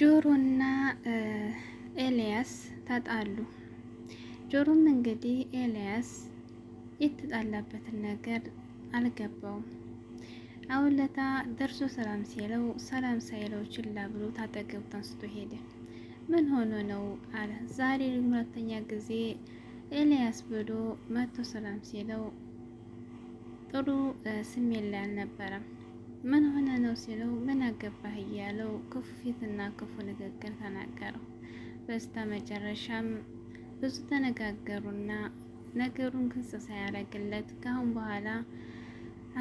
ጆሮና ኤልያስ ተጣሉ። ጆሮም እንግዲህ ኤልያስ የተጣላበትን ነገር አልገባውም። አውለታ ደርሶ ሰላም ሲለው ሰላም ሳይለው ችላ ብሎ ታጠገቡ ተንስቶ ሄደ። ምን ሆኖ ነው አለ። ዛሬ ሁለተኛ ጊዜ ኤልያስ ብሎ መቶ ሰላም ሲለው ጥሩ ስሜት ላይ አልነበረም። ምን ሆነ ነው ሲለው ምን አገባህ እያለው ክፉ ፊትና ክፉ ንግግር ተናገረው። በስተ መጨረሻም ብዙ ተነጋገሩና ነገሩን ክስ ሳያደርግለት ከአሁን በኋላ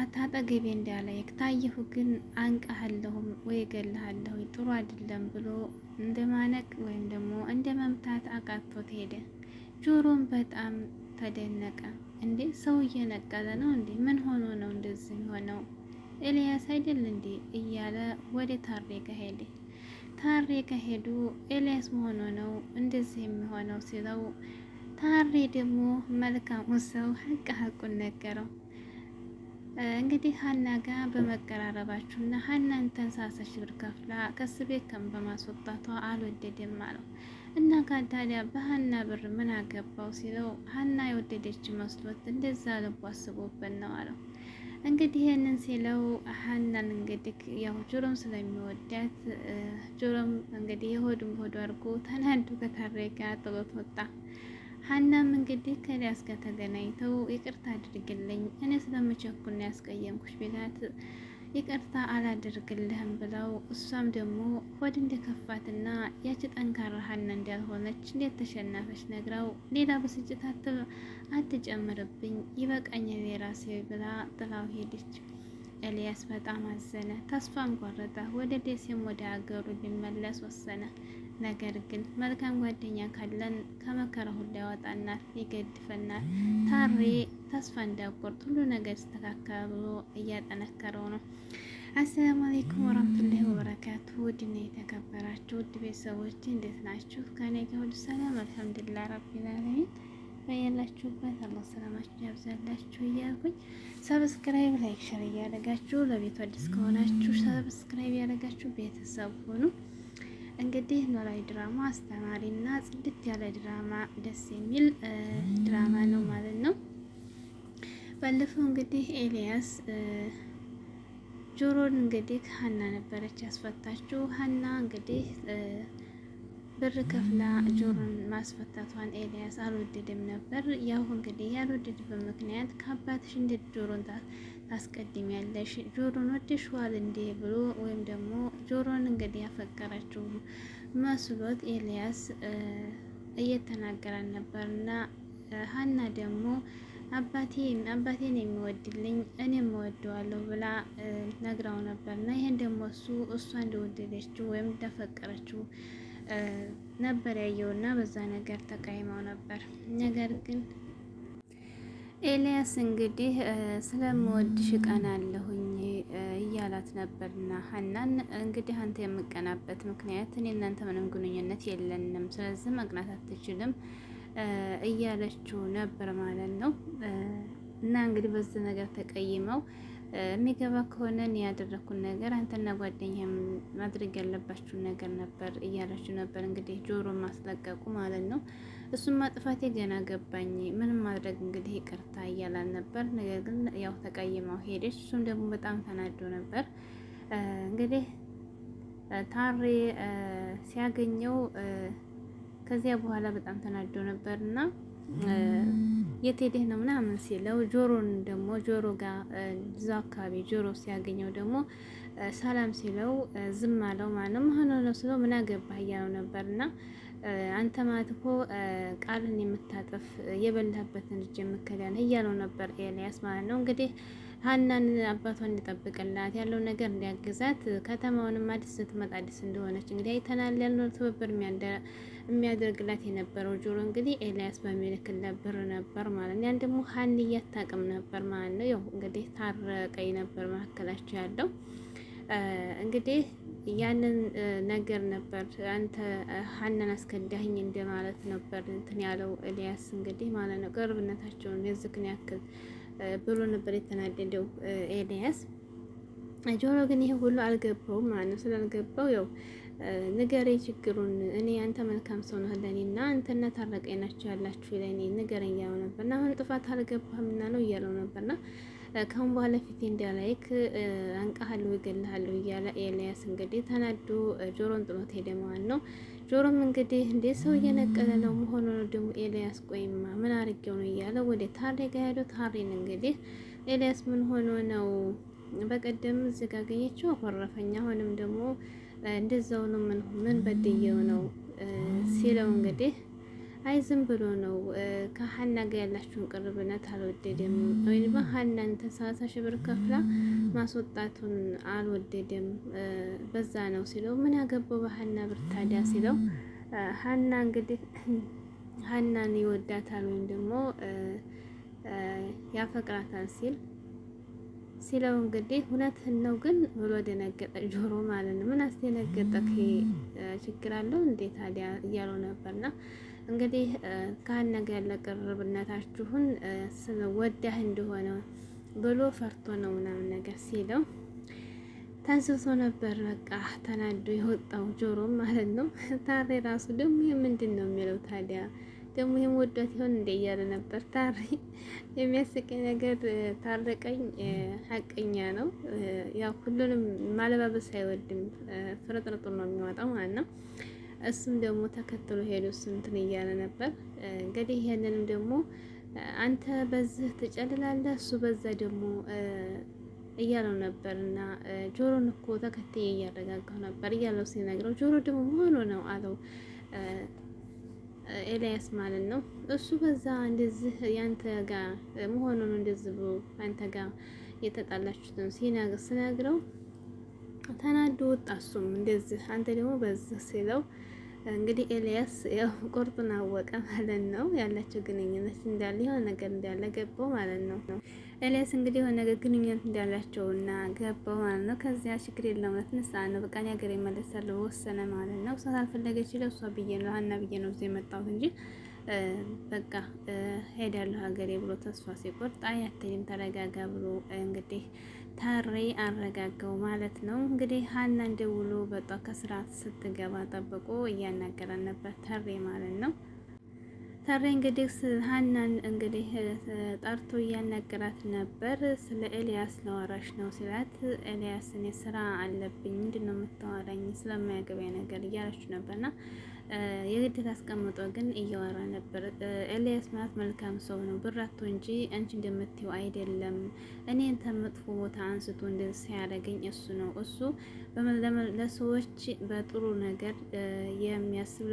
አታጠገቤ እንዳለ ታየሁ ግን አንቀሃለሁም ወይ እገልሃለሁ ጥሩ አይደለም ብሎ እንደ ማነቅ ወይም ደግሞ እንደ መምታት አቃቶት ሄደ። ጆሮም በጣም ተደነቀ። እንዴ ሰው እየነቀለ ነው እንዴ? ምን ሆኖ ነው እንደዚህ የሆነው። ኤልያስ አይደል እንዴ እያለ ወደ ታሬ ከሄደ ታሬ ከሄዱ ኤልያስ መሆኑ ነው እንደዚህ የሚሆነው ሲለው ታሬ ደግሞ መልካሙ ሰው ሀቅ ሀቁን ነገረው። እንግዲህ ሀና ጋር በመቀራረባችሁና ሀናን ተንሳሳ ሺህ ብር ከፍላ ከስ ቤት ከም በማስወጣቷ አልወደደም አለው እና ታዲያ በሀና ብር ምን አገባው ሲለው ሀና የወደደች መስሎት እንደዛ ልቦ አስቦበት ነው አለው። እንግዲህ ይህንን ሲለው ሀናን እንግዲህ ያው ጆሮም ስለሚወዳት ጆሮም እንግዲህ የሆዱም በሆዱ አድርጎ ተናዱ ከታሬጋ ጥሎት ወጣ። ሀናም እንግዲህ ከሊያስ ጋር ተገናኝተው ይቅርታ አድርግልኝ እኔ ስለምቸኩና ያስቀየምኩሽ ቢላት ይቅርታ አላደርግልህም ብለው እሷም ደግሞ ሆድ እንደከፋትና ያቺ ጠንካራ ሀና እንዳልሆነች እንዴት ተሸናፈች ነግረው ሌላ ብስጭት አትጨምርብኝ ይበቃኛል የራሴ ብላ ጥላው ሄደች። ኤልያስ በጣም አዘነ፣ ተስፋም ቆረጠ። ወደ ደሴም ወደ አገሩ ሊመለስ ወሰነ። ነገር ግን መልካም ጓደኛ ካለን ከመከራ ሁሉ ያወጣናል፣ ይገድፈናል። ታሬ ተስፋ እንዳያቆርጥ ሁሉ ነገር ይስተካከላል እያጠነከረው ነው። አሰላሙ አለይኩም ወራህመቱላሂ ወበረካቱ። ውድና የተከበራችሁ ውድ ቤተሰቦች እንዴት ናችሁ? ከኔ ጋር ሁሉ ሰላም አልሐምዱሊላህ ረቢል ዓለሚን። በያላችሁበት አላህ ሰላማችሁ ያብዛላችሁ እያልኩኝ ሰብስክራይብ፣ ላይክ፣ ሸር እያደረጋችሁ ለቤቱ አዲስ ከሆናችሁ ሰብስክራይብ ያደረጋችሁ ቤተሰብ ሆኑ። እንግዲህ ኖላዊ ድራማ አስተማሪና ጽድት ያለ ድራማ ደስ የሚል ድራማ ነው ማለት ነው። ባለፈው እንግዲህ ኤልያስ ጆሮን እንግዲህ ሀና ነበረች ያስፈታችው። ሀና እንግዲህ ብር ከፍላ ጆሮን ማስፈታቷን ኤልያስ አልወደድም ነበር። ያው እንግዲህ ያልወደድበት ምክንያት ከአባትሽ እንዴት ጆሮን ታስቀድሚያለሽ? ጆሮን ወደሽዋል እንዴ ብሎ ወይም ደግሞ ጆሮን እንግዲህ ያፈቀረችው መስሎት ኤልያስ እየተናገራን ነበር እና ሀና ደግሞ አባቴን አባቴን የሚወድልኝ እኔም እወደዋለሁ ብላ ነግራው ነበር እና ይህን ደግሞ እሱ እሷ እንደወደደችው ወይም እንዳፈቀረችው ነበር እና በዛ ነገር ተቃይመው ነበር። ነገር ግን ኤልያስ እንግዲህ ስለምወድሽ እቀናለሁኝ እያላት ነበርና ሀናን እንግዲህ አንተ የምቀናበት ምክንያት እኔ እናንተ ምንም ግንኙነት የለንም፣ ስለዚህ መቅናት አትችልም እያለችው ነበር ማለት ነው። እና እንግዲህ በዚህ ነገር ተቀይመው የሚገባ ከሆነ እኔ ያደረግኩን ነገር አንተና ጓደኛ ማድረግ ያለባችሁን ነገር ነበር እያለችው ነበር። እንግዲህ ጆሮ ማስለቀቁ ማለት ነው። እሱም ማጥፋቴ ገና ገባኝ፣ ምንም ማድረግ እንግዲህ ይቅርታ እያላል ነበር። ነገር ግን ያው ተቀይመው ሄደች። እሱም ደግሞ በጣም ተናዶ ነበር። እንግዲህ ታሬ ሲያገኘው ከዚያ በኋላ በጣም ተናዶ ነበር እና የት ሄደህ ነው ምናምን ሲለው ጆሮን ደግሞ ጆሮ ጋር እዛ አካባቢ ጆሮ ሲያገኘው ደግሞ ሰላም ሲለው ዝም አለው። ማንም ሆኖ ነው ስለው ምን አገባህ እያለው ነበር እና አንተ ማለት እኮ ቃልን የምታጠፍ የበላህበትን እጅ የምከዳን እያለው ነበር ኤልያስ ማለት ነው እንግዲህ ሀናን አባቷ እንዲጠብቅላት ያለው ነገር እንዲያግዛት ከተማውንም አዲስ ስትመጣ አዲስ እንደሆነች እንግዲህ አይተናል። ያለው ትብብር የሚያደርግላት የነበረው ጆሮ እንግዲህ ኤልያስ በሚልክላት ብር ነበር ማለት ነው። ያን ደግሞ ሀን እያታቅም ነበር ማለት ነው። ያው እንግዲህ ታረቀኝ ነበር መካከላቸው ያለው እንግዲህ ያንን ነገር ነበር አንተ ሀናን አስከዳኝ እንደ ማለት ነበር እንትን ያለው ኤልያስ እንግዲህ ማለት ነው። ቅርብነታቸውን የዝክን ያክል ብሎ ነበር የተናደደው ኤልያስ። ጆሮ ግን ይሄ ሁሉ አልገባውም ማለት ነው። ስላልገባው ያው ንገረኝ ችግሩን እኔ አንተ መልካም ሰው ነህ ለእኔ እና አንተና ታረቀኝ ናቸው ያላችሁ ለእኔ ንገረኝ ያለው ነበርና አሁን ጥፋት አልገባህም አልገባህምና ነው እያለው ነበርና ካሁን በኋላ ፊቴ እንዳላይክ አንቀሃለሁ፣ እገልሃለሁ እያለ ኤልያስ እንግዲህ ተናዶ ጆሮን ጥሎት ሄደ ማለት ነው። ጆሮም እንግዲህ እንዴ ሰው እየነቀለ ነው መሆኑ ነው ደግሞ ኤልያስ ቆይማ ምን አርጌው ነው እያለ ወደ ታሬ ጋር ሄዶ ታሬን እንግዲህ ኤልያስ ምን ሆኖ ነው በቀደም እዚጋ አገኘችው አኮረፈኝ፣ አሁንም ደግሞ እንደዛው ነው ምን ምን በድየው ነው ሲለው እንግዲህ አይ ዝም ብሎ ነው። ከሀና ጋር ያላችሁን ቅርብነት አልወደደም፣ ወይም ሀናን ሰላሳ ሺህ ብር ከፍላ ማስወጣቱን አልወደደም። በዛ ነው ሲለው ምን ያገባው በሀና ብር ታዲያ ሲለው ሀና እንግዲህ ሀናን ይወዳታል ወይም ደግሞ ያፈቅራታል ሲል ሲለው እንግዲህ እውነትህን ነው ግን ብሎ ደነገጠ። ጆሮ ማለት ነው ምን አስደነገጠ? ችግር አለው እንዴት ታዲያ እያለው ነበርና እንግዲህ ነገር ያለ ቅርብነታችሁን ወዳህ እንደሆነ ብሎ ፈርቶ ነው ምናምን ነገር ሲለው ተንስቶ ነበር። በቃ ተናዶ የወጣው ጆሮ ማለት ነው። ታሬ ራሱ ደግሞ ይህ ምንድን ነው የሚለው ታዲያ ደግሞ ይህም ወዷት ይሆን እንደ እያለ ነበር። ታሬ የሚያስቀኝ ነገር ታረቀኝ ሀቀኛ ነው። ያው ሁሉንም ማለባበስ አይወድም፣ ፍርጥርጡ ነው የሚወጣው ማለት ነው። እሱም ደግሞ ተከትሎ ሄዶ እሱም እንትን እያለ ነበር። እንግዲህ ይሄንንም ደግሞ አንተ በዚህ ትጨልላለህ፣ እሱ በዛ ደግሞ እያለው ነበር እና ጆሮን እኮ ተከትዬ እያረጋጋሁ ነበር እያለው ሲነግረው ጆሮ ደግሞ ሆኖ ነው አለው። ኤልያስ ማለት ነው። እሱ በዛ እንደዚህ ያንተ መሆኑ ነው እንደዚህ ብሎ አንተ ጋ የተጣላችሁትን ሲነግረው ተናዶ ወጣ። እሱም እንደዚህ አንተ ደግሞ በዚህ ሲለው እንግዲህ ኤልያስ ያው ቁርጡን አወቀ ማለት ነው። ያላቸው ግንኙነት እንዳለ የሆነ ነገር እንዳለ ገባው ማለት ነው። ኤልያስ እንግዲህ የሆነ ነገር ግንኙነት እንዳላቸው እና ገባው ማለት ነው። ከዚያ ችግር የለውም ማለት ንስሓ ነው። በቃ ሀገር ይመለሳለሁ ወሰነ ማለት ነው። እሷ አልፈለገች ለእሷ ብዬ ነው ሀና ብዬ ነው እዚህ የመጣሁት እንጂ በቃ ሄዳለሁ ሀገሬ ብሎ ተስፋ ሲቆርጥ አያተኝም ተረጋጋ ብሎ እንግዲህ ታሬ አረጋገው ማለት ነው። እንግዲህ ሀና እንደውሎ በጧ ከስራ ስትገባ ጠብቆ እያናገረ ነበር ታሬ ማለት ነው። ታሬ እንግዲህ ሀናን እንግዲህ ጠርቶ እያናገራት ነበር። ስለ ኤልያስ ለዋራሽ ነው ሲላት፣ ኤልያስ እኔ ስራ አለብኝ ምንድን ነው የምታወራኝ ስለማያገባኝ ነገር እያለች ነበርና የግድ ታስቀምጦ ግን እያወራ ነበር። ኤልያስ ማለት መልካም ሰው ነው። ብራቶ እንጂ አንቺ እንደምትይው አይደለም። እኔን ተመጥፎ ቦታ አንስቶ እንደዚህ ሲያደርገኝ እሱ ነው። እሱ ለሰዎች በጥሩ ነገር የሚያስብ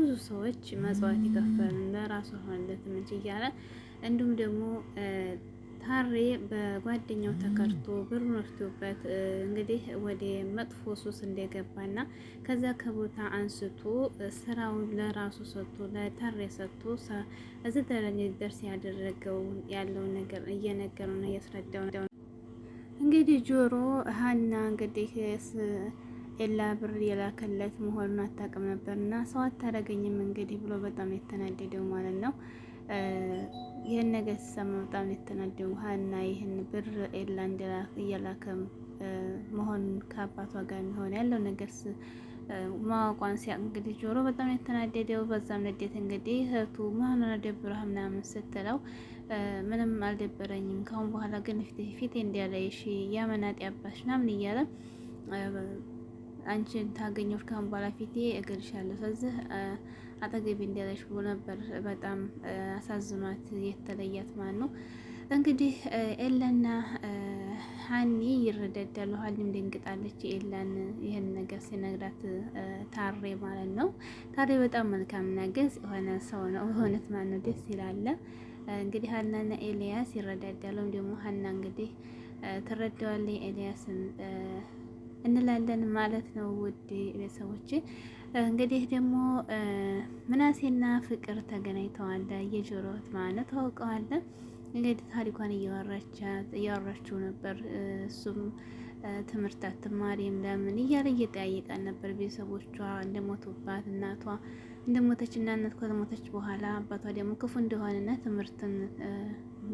ብዙ ሰዎች መጽዋት ይከፈል ለራሱ ሆንለት እንጂ እያለ እንዲሁም ደግሞ ታሬ በጓደኛው ተከርቶ ብር ወስዶበት እንግዲህ ወደ መጥፎ ሱስ እንደገባና ከዛ ከቦታ አንስቶ ስራውን ለራሱ ሰጥቶ ለታሬ ሰጥቶ እዚህ ደረጃ ደርስ ያደረገው ያለው ነገር ነው እያስረዳው ነው። እንግዲህ ጆሮ ሀና እንግዲህ ኤላ ብር የላከለት መሆኑን አታውቅም ነበርና ሰው አታደርገኝም እንግዲህ ብሎ በጣም የተናደደው ማለት ነው። ይህን ነገር ሲሰማ በጣም ነው የተናደው። ሀና ይህን ብር ኤላንድ እያላከም መሆን ከአባቷ ጋር የሚሆን ያለው ነገር ማወቋን ሲያቅ እንግዲህ ጆሮ በጣም ነው የተናደደው። በዛም ንዴት እንግዲህ እህቱ መሆኑን አደብረህ ምናምን ስትለው ምንም አልደበረኝም፣ ካሁን በኋላ ግን ፊት ፊት እንዲያለይሽ ያመናጤ አባሽ ምናምን እያለ አንቺን ታገኘሁሽ ካሁን በኋላ ፊቴ እገልሻለሁ፣ ስለዚህ አጠገቤ እንዳለሽ ብሎ ነበር። በጣም አሳዝኗት የተለያት ማን ነው። እንግዲህ ኤላና ሀኒ ይረዳዳሉ። ሀኒም ደንግጣለች ኤላን ይህን ነገር ሲነግራት ታሬ ማለት ነው። ታሬ በጣም መልካምና ገጽ የሆነ ሰው ነው በእውነት ማን ነው። ደስ ይላለ እንግዲህ ሀናና ኤልያስ ይረዳዳሉ። ደግሞ ሀና እንግዲህ ትረዳዋለች ኤልያስን እንላለን ማለት ነው። ውድ ቤተሰቦች እንግዲህ ደግሞ ምናሴና ፍቅር ተገናኝተዋል። የጆሮት ማለት ታውቀዋለ። እንግዲህ ታሪኳን እያወራችው ነበር። እሱም ትምህርት አትማሪም ለምን እያለ እየጠያየቃን ነበር። ቤተሰቦቿ እንደሞቱባት እናቷ እንደሞተች እና እናት ከሞተች በኋላ አባቷ ደግሞ ክፉ እንደሆነና ትምህርትን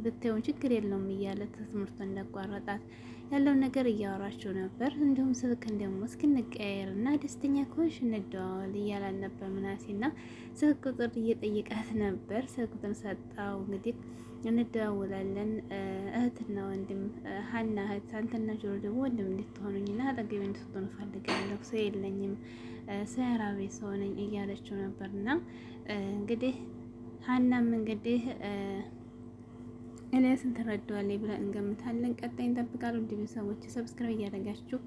ብታዩን ችግር የለውም እያለ ትምህርቱን እንዳቋረጣት ያለውን ነገር እያወራቸው ነበር። እንዲሁም ስልክን ደግሞ እስክንቀያየር እና ደስተኛ ከሆንሽ እንደዋወል እያላን ነበር ምናሴ እና ስልክ ቁጥር እየጠየቃት ነበር። ስልክ ቁጥር ሰጣው እንግዲህ እንደዋወላለን። እህትና ወንድም ሀና እህት አንተና ጆሮ ደግሞ ወንድም እንድትሆኑኝና አጠገቤ እንድትሆኑ ፈልጋለሁ። ሰው የለኝም ሰራቤ ሰው ነኝ እያለችው ነበርና እንግዲህ ሀናም እንግዲህ ኤልያስን ትረዳዋለች ብለን እንገምታለን። ቀጣይ እንጠብቃለን። ውድ ቤተሰቦች ሰብስክራይብ እያደረጋችሁ